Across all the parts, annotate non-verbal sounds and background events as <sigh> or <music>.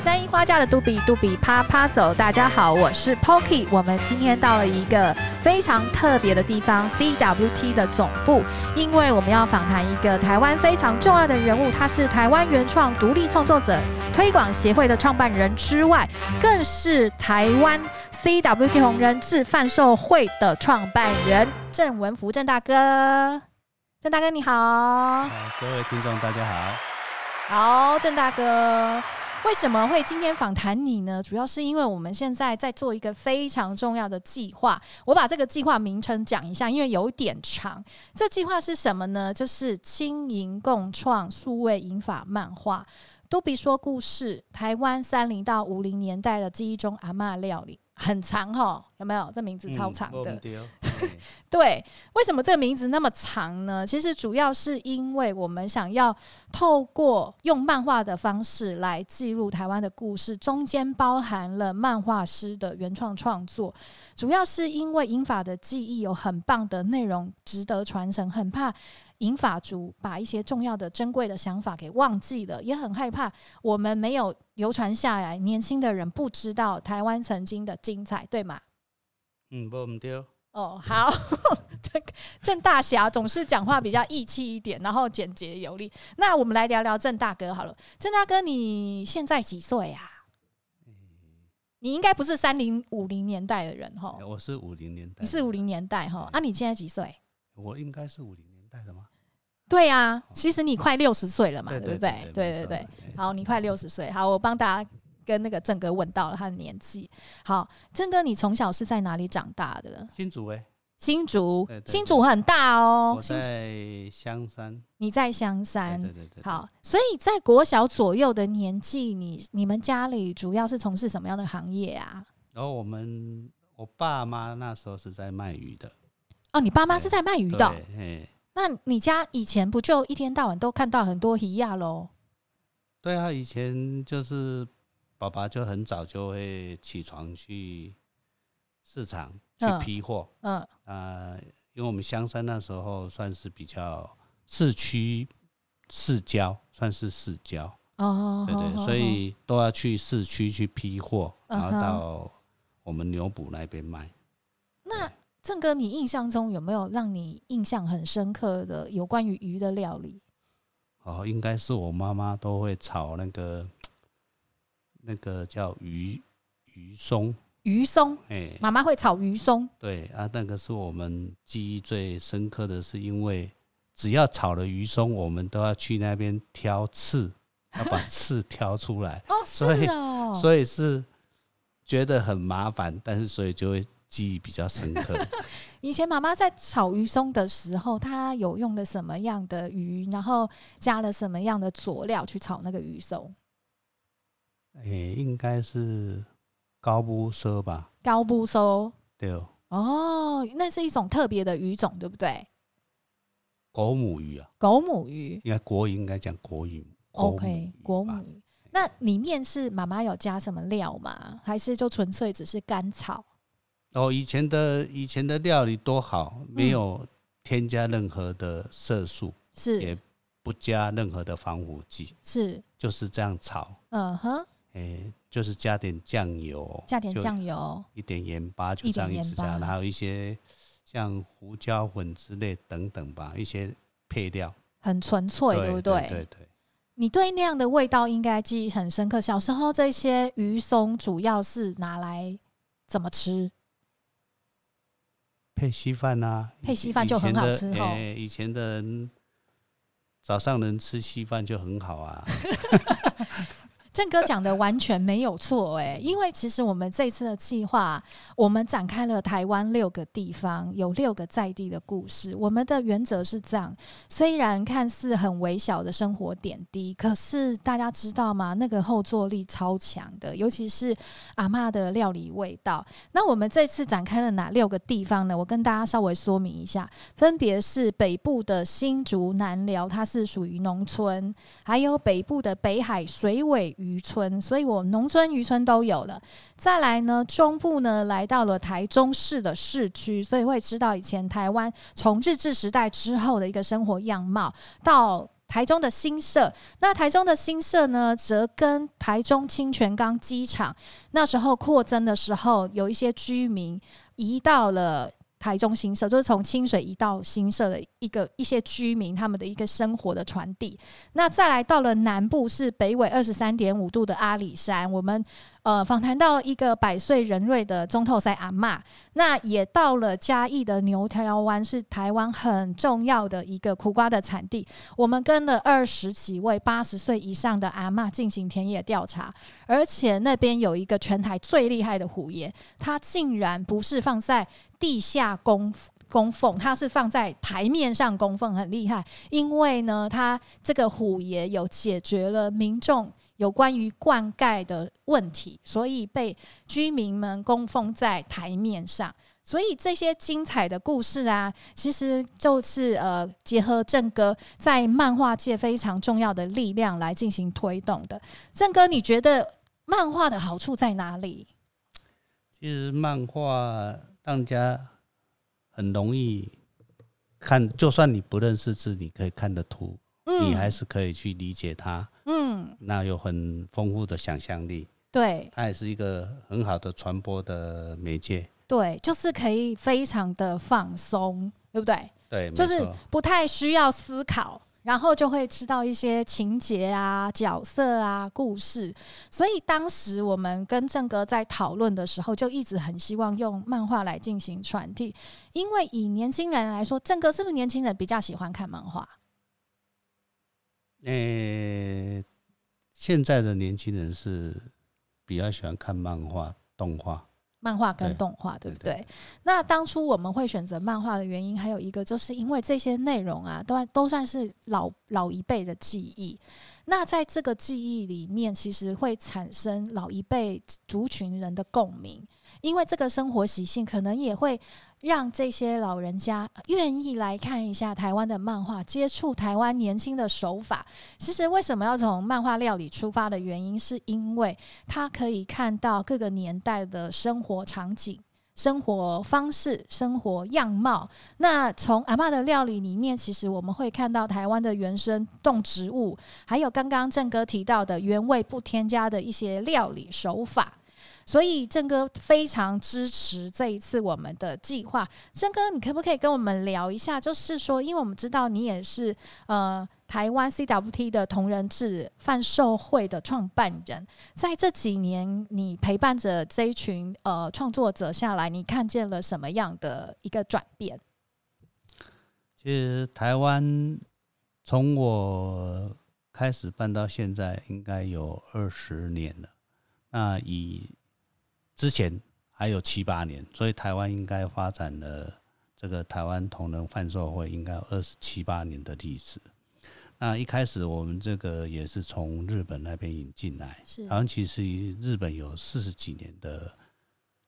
三一花家的度比度比趴趴走，大家好，我是 Poki，我們今天到了一個非常特別的地方，CWT 的總部，因為我們要訪談一個台灣非常重要的人物，他是台灣原創獨立創作者推廣協會的創辦人之外，更是台灣 CWT 同人誌販售會的創辦人鄭文福鄭大哥，鄭大哥你好，各位聽眾大家好，好鄭大哥。為什麼會今天訪談你呢？主要是因為我們現在在做一個非常重要的計劃，我把這個計劃名稱講一下，因為有點長。這計劃是什麼呢？就是“青銀共創數位引法漫畫”，度比說故事，台灣三零到五零年代的記憶中阿嬤料理，很長哦有沒有這名字超長的？嗯、對， <laughs> 對，為什麼這名字那麼長呢？其實主要是因為我們想要透過用漫畫的方式來記錄台灣的故事，中間包含了漫畫師的原創創作。主要是因為銀髮的記憶有很棒的內容值得傳承，很怕銀髮族把一些重要的珍貴的想法給忘記了，也很害怕我們沒有流傳下來，年輕的人不知道台灣曾經的精彩，對嗎？嗯，不唔對。哦，好，鄭 <laughs> 鄭大俠總是講話比較義氣一點，然後簡潔有力。那我們來聊聊鄭大哥好了。鄭大哥，你現在幾歲呀？啊嗯？你應該不是三零五零年代的人哈，嗯。我是五零年，年代。你是五零年代哈，啊，你現在幾歲？我應該是五零年代的嗎？對呀，啊，其實你快六十歲了嘛，嗯，對不對？對對對。對對對對對對。好，你快六十歲，好，我幫大家。跟那個鄭哥問到了他的年紀。好，鄭哥，你從小是在哪裡長大的？新竹哎、欸，新竹對對對，新竹很大哦。我在香山。香山，你在香山，對，對對對。好，所以在國小左右的年紀，你你們家裡主要是從事什麼樣的行業啊？然後我們我爸媽那時候是在賣魚的。哦，你爸媽是在賣魚的、哦對對。那你家以前不就一天到晚都看到很多魚呀嘍？對啊，以前就是。爸爸就很早就會起床去市場去批貨，嗯，啊、嗯呃，因為我們香山那時候算是比較市區市郊，算是市郊哦，哦，對對、對、哦哦，所以都要去市區去批貨，哦，然後到我們牛埔那邊賣。嗯、那鄭哥，你印象中有沒有讓你印象很深刻的有關於魚的料理？哦，應該是我媽媽都會炒那個。那個叫魚魚鬆，魚鬆，哎、欸，媽媽會炒魚鬆。對啊，那個是我們記憶最深刻的，是因為只要炒了魚鬆，我們都要去那邊挑刺，要把刺挑出來。 <laughs> 哦，是哦，所以所以是覺得很麻煩，但是所以就會記憶比較深刻。 <laughs> 以前媽媽在炒魚鬆的時候，她有用了什麼樣的魚，然後加了什麼樣的佐料去炒那個魚鬆？也、欸、應該是高不收吧？高不收，對哦。哦，那是一種特別的魚種，對不對？狗母魚啊，狗母魚應該國語應該講國語。O.K. 國母、哎，那裡面是媽媽有加什麼料嗎？還是就純粹只是乾炒？哦，以前的以前的料理多好、嗯，沒有添加任何的色素，是也不加任何的防腐劑，是就是這樣炒。嗯哼。欸、就是加點醬油，加點醬油，一點鹽巴，就這樣一直加，然後，一些像胡椒粉之類等等吧，一些配料很純粹，對不對，對，對，對，對？你對那樣的味道應該記憶很深刻。小時候這些魚鬆主要是拿來怎麼吃？配稀飯啊，配稀飯就很好吃，哦以欸。以前的人早上能吃稀飯就很好啊。 <laughs> 鄭哥講的完全沒有錯哎、欸，因為其實我們這次的計劃，我們展開了台灣六個地方，有六個在地的故事。我們的原則是這樣：雖然看似很微小的生活點滴，可是大家知道嗎？那個後座力超強的，尤其是阿嬤的料理味道。那我們這次展開了哪六個地方呢？我跟大家稍微說明一下，分別是北部的新竹南寮，它是屬於農村；還有北部的北海水尾漁漁村，所以我農村漁村都有了。再來呢，中部呢來到了台中市的市區，所以會知道以前台灣從日治時代之後的一個生活樣貌。到台中的新社，那台中的新社呢，則跟台中清泉崗機場那時候擴增的時候，有一些居民移到了。台中新社就是從清水移到新社的一個一些居民他們的一個生活的傳遞，那再來到了南部，是北緯二十三點五度的阿里山，我們呃訪談到一個百歲人瑞的中透賽阿嬤，那也到了嘉義的牛挑灣，是台灣很重要的一個苦瓜的產地，我們跟了二十幾位八十歲以上的阿嬤進行田野調查，而且那邊有一個全台最厲害的虎爺，他竟然不是放在。地下供供奉，它是放在台面上供奉，很厲害。因為呢，它這個虎爺有解決了民眾有關於灌溉的問題，所以被居民們供奉在台面上。所以這些精彩的故事啊，其實就是呃，結合鄭哥在漫畫界非常重要的力量來進行推動的。鄭哥，你覺得漫畫的好處在哪裡？其實漫畫，更加很容易看，就算你不認識字，你可以看的圖，你還是可以去理解它。嗯，那有很豐富的想象力，對，它也是一個很好的傳播的媒介，嗯嗯對。對，就是可以非常的放鬆，對不對？對，就是不太需要思考。然後就會知道一些情節啊、角色啊、故事，所以當時我們跟鄭哥在討論的時候，就一直很希望用漫畫來進行傳遞，因為以年輕人來說，鄭哥是不是年輕人比較喜歡看漫畫？誒、欸，現在的年輕人是比較喜歡看漫畫、動畫。漫畫跟動畫，對不對？對，對，對。那當初我們會選擇漫畫的原因，還有一個就是因為這些內容啊，都還都算是老老一輩的記憶。那在這個記憶裡面，其實會產生老一輩族群人的共鳴，因為這個生活習性可能也會讓這些老人家願意來看一下台灣的漫畫，接觸台灣年輕的手法。其實為什麼要從漫畫料理出發的原因，是因為他可以看到各個年代的生活場景。生活方式、生活樣貌，那從阿嬤的料理裡面，其實我們會看到台灣的原生動植物，還有剛剛鄭哥提到的原味不添加的一些料理手法。所以鄭哥非常支持這一次我們的計劃。鄭哥，你可不可以跟我們聊一下？就是說，因為我們知道你也是呃。台灣 CWT 的同人志販售會的創辦人，在這幾年，你陪伴着這一群呃創作者下來，你看見了什麼樣的一個轉變？其實台灣從我開始辦到現在，應該有二十年了。那以之前還有七八年，所以台灣應該發展了這個台灣同人販售會應該，應該有二十七八年的歷史。那一開始我們這個也是從日本那邊引進來，是好像其實日本有四十幾年的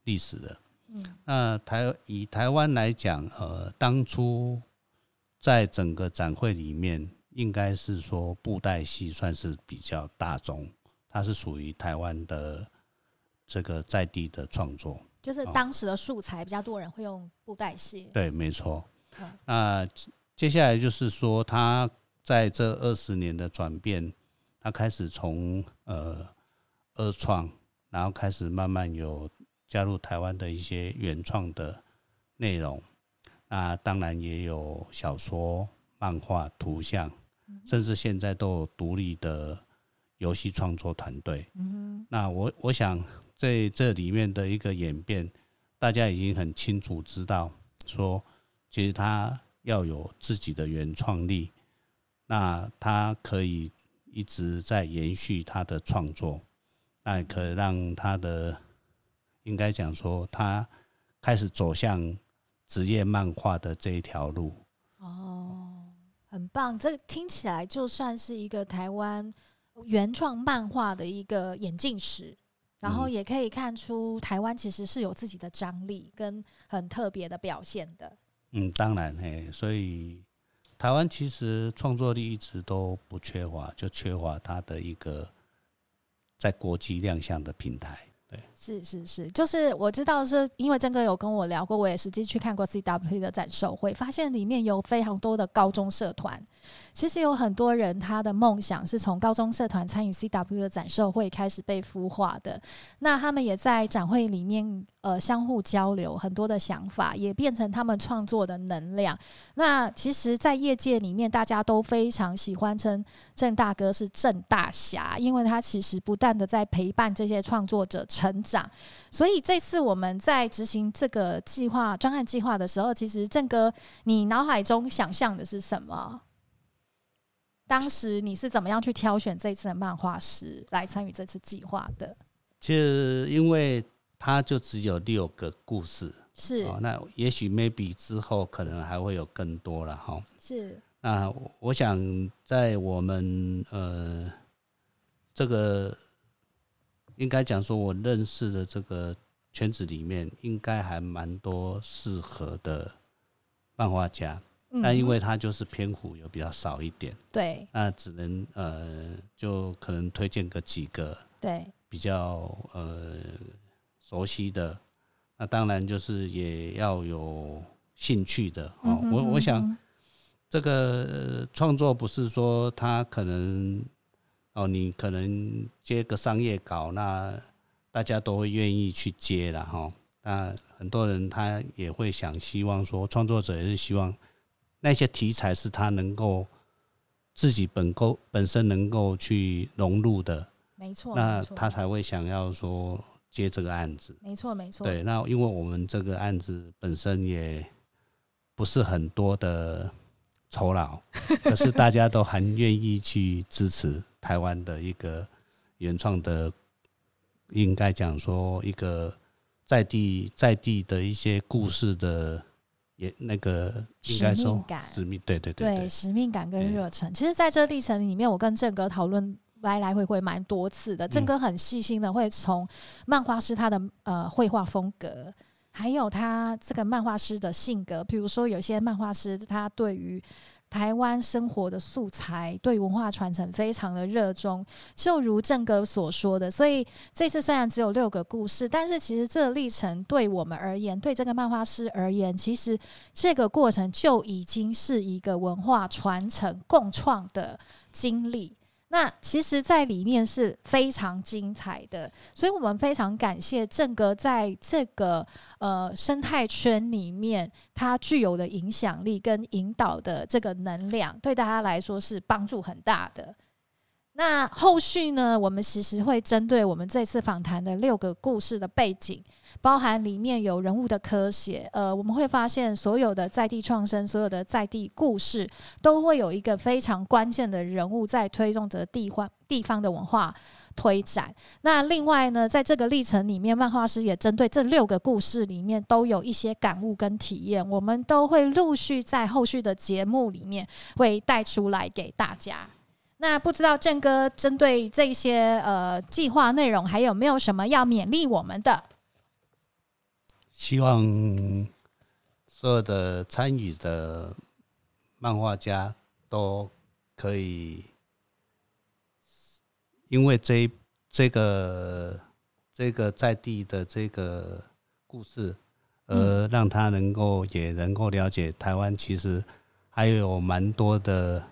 歷史了。嗯，那台以台灣來講，呃，當初在整個展會裡面，應該是說布袋戲算是比較大眾，它是屬於台灣的這個在地的創作，就是當時的素材比較多人會用布袋戲。嗯。對，沒錯。那接下來就是說它。在這二十年的轉變，他開始從呃二創，然後開始慢慢有加入台灣的一些原創的內容。那當然也有小說、漫畫、圖像，甚至現在都有獨立的遊戲創作團隊。嗯，那我我想在這裡面的一個演變，大家已經很清楚知道說，說其實他要有自己的原創力。那他可以一直在延續他的創作，那也可以讓他的，應該講說，他開始走向職業漫畫的這一條路。哦，很棒！這個聽起來就算是一個台灣原創漫畫的一個演進史，然後也可以看出台灣其實是有自己的張力跟很特別的表現的。嗯，嗯當然嘿，所以。台灣其實創作力一直都不缺乏，就缺乏它的一個在國際亮相的平台。是是是，就是我知道是因為鄭哥有跟我聊過，我也實際去看過 CW 的展售會，發現裡面有非常多的高中社團。其實有很多人他的夢想是從高中社團參與 CW 的展售會開始被孵化的。那他們也在展會裡面呃相互交流很多的想法，也變成他們創作的能量。那其實，在業界裡面，大家都非常喜歡稱鄭大哥是鄭大俠，因為他其實不斷的在陪伴這些創作者。成長，所以這次我們在執行這個計劃、專案計劃的時候，其實鄭哥，你腦海中想象的是什麼？當時你是怎麼樣去挑選這次的漫畫師來參與這次計劃的？其實因為它就只有六個故事，是。哦，那也許 maybe 之後可能還會有更多了哈，哦。是，那我想在我們呃這個。應該講說，我認識的這個圈子裡面，應該還蠻多適合的漫畫家，但因為他就是篇幅有比較少一點，對，那只能呃，就可能推薦個幾個，對，比較呃熟悉的，那當然就是也要有興趣的、嗯、哼哼，我我想這個創作不是說他可能，哦，你可能接個商業稿，那大家都會願意去接啦吼。那很多人他也會想希望說，創作者也是希望那些題材是他能夠自己本構本身能夠去融入的，沒錯。那他才會想要說接這個案子，沒錯沒錯。對，那因為我們這個案子本身也不是很多的酬勞，可是大家都很願意去支持。 <laughs> 台灣的一個原創的，應該講說一個在地在地的一些故事的也那個應該說使命感，使命對對對,對,對使命感跟熱忱。嗯、其實，在這歷程裡面，我跟鄭哥討論來來回回蠻多次的。鄭哥很細心的會從漫畫師他的呃繪畫風格，還有他這個漫畫師的性格。譬如說，有些漫畫師他對於台灣生活的素材，對文化傳承非常的熱衷。就如鄭哥所說的，所以這次雖然只有六個故事，但是其實這個歷程對我們而言，對這個漫畫師而言，其實這個過程就已經是一個文化傳承共創的經歷。那其實，在裡面是非常精彩的，所以我們非常感謝鄭哥在這個呃生態圈裡面，他具有的影響力跟引導的這個能量，對大家來說是幫助很大的。那後續呢，我們其實會針對我們這次訪談的六個故事的背景，包含裡面有人物的科學。呃，我們會發現所有的在地創生，所有的在地故事，都會有一個非常關鍵的人物在推動着地化地方的文化推展。那另外呢，在這個歷程裡面，漫畫師也針對這六個故事裡面都有一些感悟跟體驗，我們都會陸續在後續的節目裡面會帶出來給大家。那不知道鄭哥針對這些呃計劃內容，還有沒有什麼要勉勵我們的？希望所有的參與的漫畫家都可以，因為這這個這個在地的這個故事，而讓他能夠也能夠了解台灣其實還有蠻多的。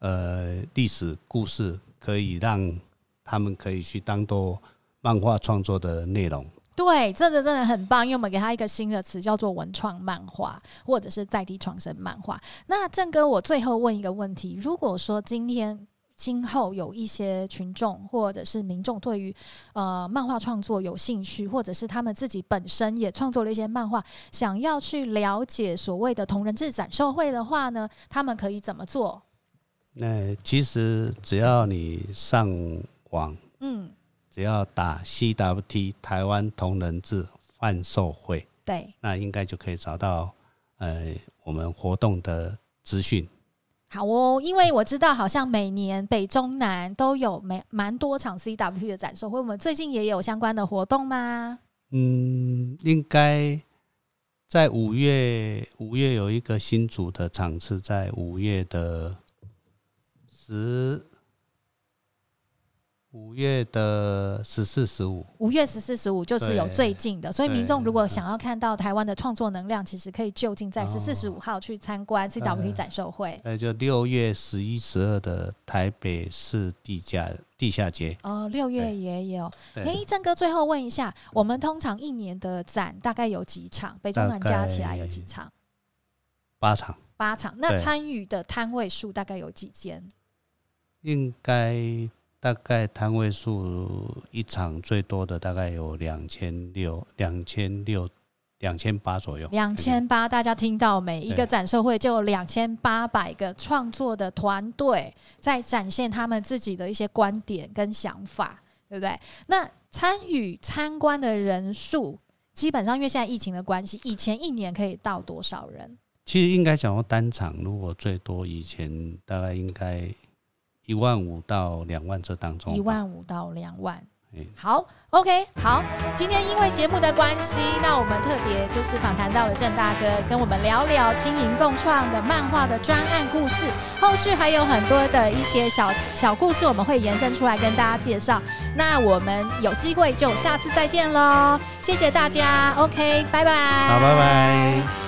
呃，歷史故事可以讓他們可以去當做漫畫創作的內容。對，這個真的很棒。因為我們給他一個新的詞，叫做文創漫畫，或者是在地創生漫畫。那鄭哥，我最後問一個問題：如果說今天今後有一些群眾或者是民眾對於呃漫畫創作有興趣，或者是他們自己本身也創作了一些漫畫，想要去了解所謂的同人志展售會的話呢，他們可以怎麼做？那其實只要你上網，嗯，只要打 CWT 台灣同人誌販售會，對，那應該就可以找到呃我們活動的資訊。好哦，因為我知道好像每年北中南都有沒蠻多場 CWT 的展售會，我們最近也有相關的活動嗎？嗯，應該在五月，五月有一個新組的場次，在五月的。十五月的十四、十五，五月十四、十五就是有最近的，所以民眾如果想要看到台灣的創作能量，其實可以就近在十四、哦、十五號去參觀 CWT 展售會。哎，就六月十一、十二的台北市地下地下街哦，六月也有。哎，鄭、欸、哥，最後問一下，我們通常一年的展大概有幾場？北中南加起來有幾場？八場。八場。那參與的攤位數大概有幾間？應該大概攤位數一場最多的大概有兩千六兩千六兩千八左右。兩千八，大家聽到沒？一個展售會就有兩千八百個創作的團隊在展現他們自己的一些觀點跟想法，對不對？那參與參觀的人數基本上，因為現在疫情的關係，以前一年可以到多少人？其實應該講單場如果最多以前大概應該。一萬五到兩萬這當中，一萬五到兩萬，好，OK，好，今天因為節目的關係，那我們特別就是訪談到了鄭大哥，跟我們聊聊青銀共創的漫畫的專案故事。後續還有很多的一些小小故事，我們會延伸出來跟大家介紹。那我們有機會就下次再見嘍，謝謝大家，OK，拜拜，好，拜拜。